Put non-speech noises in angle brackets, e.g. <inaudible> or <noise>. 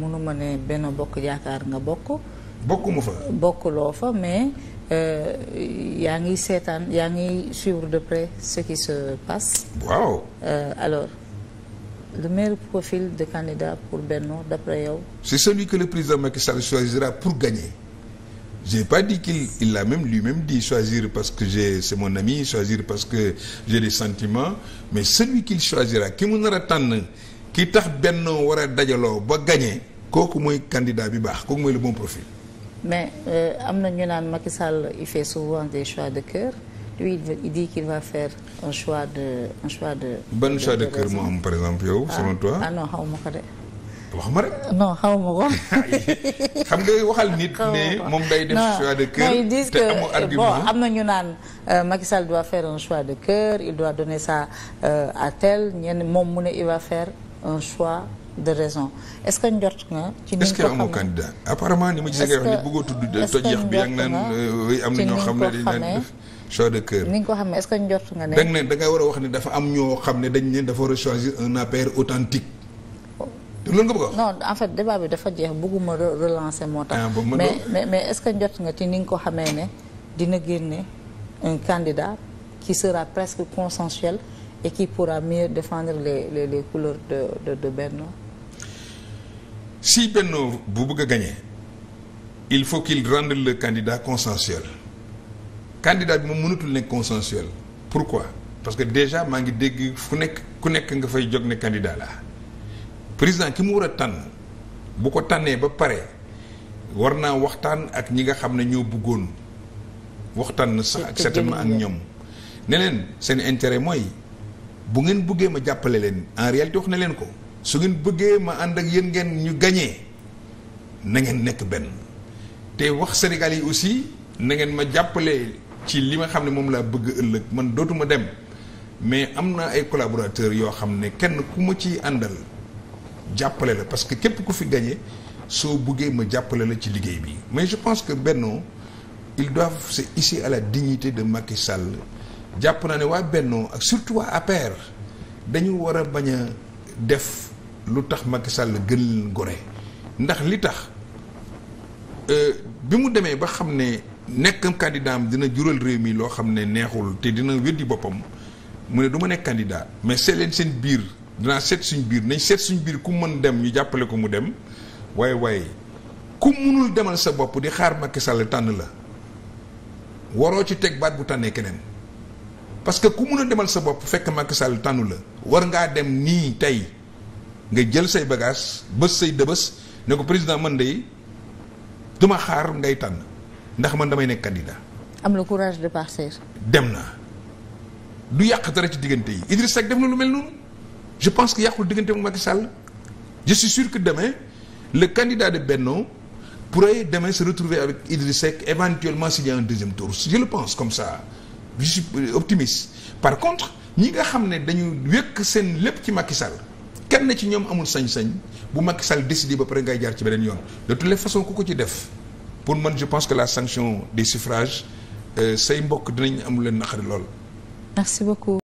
mu mënuma ne benn bokk yaakaar nga bokk. bokkuma fa. bokkuloo fa mais euh, yaa ngi seetaan yaa ngi suivre de près ce qui se passe. waaw. Euh, alors le meilleur profil de candidat pour Benno d'après yow. c'est celui que le président Macky choisira pour gagner. j'ai pas dit qu'il l'a même lui-même dit choisir parce que j'ai c'est mon ami choisir parce que j'ai des sentiments mais celui qu'il choisira ki mu nar a tànn. ki tax bennoo war dajaloo ba gañee kooku mooy candidat bi baax kooku mooy le bon profil. mais euh, am na ñu naan Macky Sall il fait souvent des choix de cœur lui il dit qu'il va faire un choix de un de. ban choix de cœur moo exemple yow. Ah, selon ah <laughs> nga waxal nit. moom te amoo euh, argument am na ñu naan euh, Macky Sall doit faire un de cœur il doit donner ça moom mu ne il va faire. un choix de raison est ce que njort nga. ci ni est ce que amoo ma gisee nga wax ni bëggoo tudd. est ce que njort nga euh, am na ñoo xam ni nga ko xamee est ce que njort nga ne. da nga ne da nga war a wax ne xam ne dañ ne dafa war a choisir un APR authentique. Oh. loolu nga bëgg a wax. non bi dafa jeex bëgguma relancer moo tax. Ah, mais mais mais est ce que njort nga ci ni nga ko xamee ne dina génne un candidat qui sera presque consensuel. et qui pourra mieux les les, les de de de si Benno bu bëgg a gagner il faut qu'il rende le candidat consensuel candidat bi moom mënatul nekk consensuel pourquoi parce que déjà maa ngi dégg fu nekk ku nekk nga fay jog ne candidat la président ki mu war a tànn bu ko tànnee ba pare war naa waxtaan ak ñi nga xam ne ñoo bëggoon waxtaan na sax ak certainement ak ñoom ne leen seen intérêt mooy bu ngeen bëggee ma jàppale leen en réalité wax na leen ko su ngeen bëggee ma ànd ak yéen ngeen ñu gañee na ngeen nekk benn te wax Sénégal yi aussi na ngeen ma jàppale ci li ma xam ne moom laa bëgg ëllëg man dootuma dem mais am na ay collaborateurs yoo xam ne kenn ku ma ci àndal jàppale la parce que képp ku fi gañe soo buggee ma jàppale la ci liggéey bi mais je pense que Benno ils doivent c'est ici à la dignité de Macky Sall jàpp naa ne waa Bennoo ak surtout waa dañu war a bañ a def lu tax Macky Sall gën gore ndax li tax euh, bi mu demee ba xam ne nekkam candidat am dina jural réew mi loo xam ne neexul te dina weddi boppam mu ne du ma nekk candidat mais seet leen seen biir dinaa seet suñ biir nañ seet suñu biir ku mën dem ñu jàppale ko mu dem waaye waaye ku mënul demal sa bopp di xaar Macky Sall tànn la waroo ci teg baat bu tànnee keneen parce que ku mun a demal sa bopp fekk Macky Sall tànnu la war ngaa dem nii tey nga jël say bagage bës say dëbës ne ko président man de duma xaar ngay tànn ndax man damay nekk candidat. am le courage de partir. dem na du yàq dara ci diggante yi Idriss Seck def na lu mel noonu je pense que yàqul diggante mu Macky Sall je suis sûr que demain le candidat de Benno pourrait demain se retrouver avec Idriss Seck éventuellement s'il y a un deuxième tour je le pense comme ça. je suis optimiste par contre ñi nga xam ne dañu wékk seen lépp ci Macky Sall kenn ci ñoom amul sañ-sañ bu Macky Sall décidé ba pare ngay jaar ci beneen yoon de toutes les façons ku ko ci def pour man je pense que la sanction des suffrages euh, say mbokk dinañ am leen naqari lool. merci beaucoup.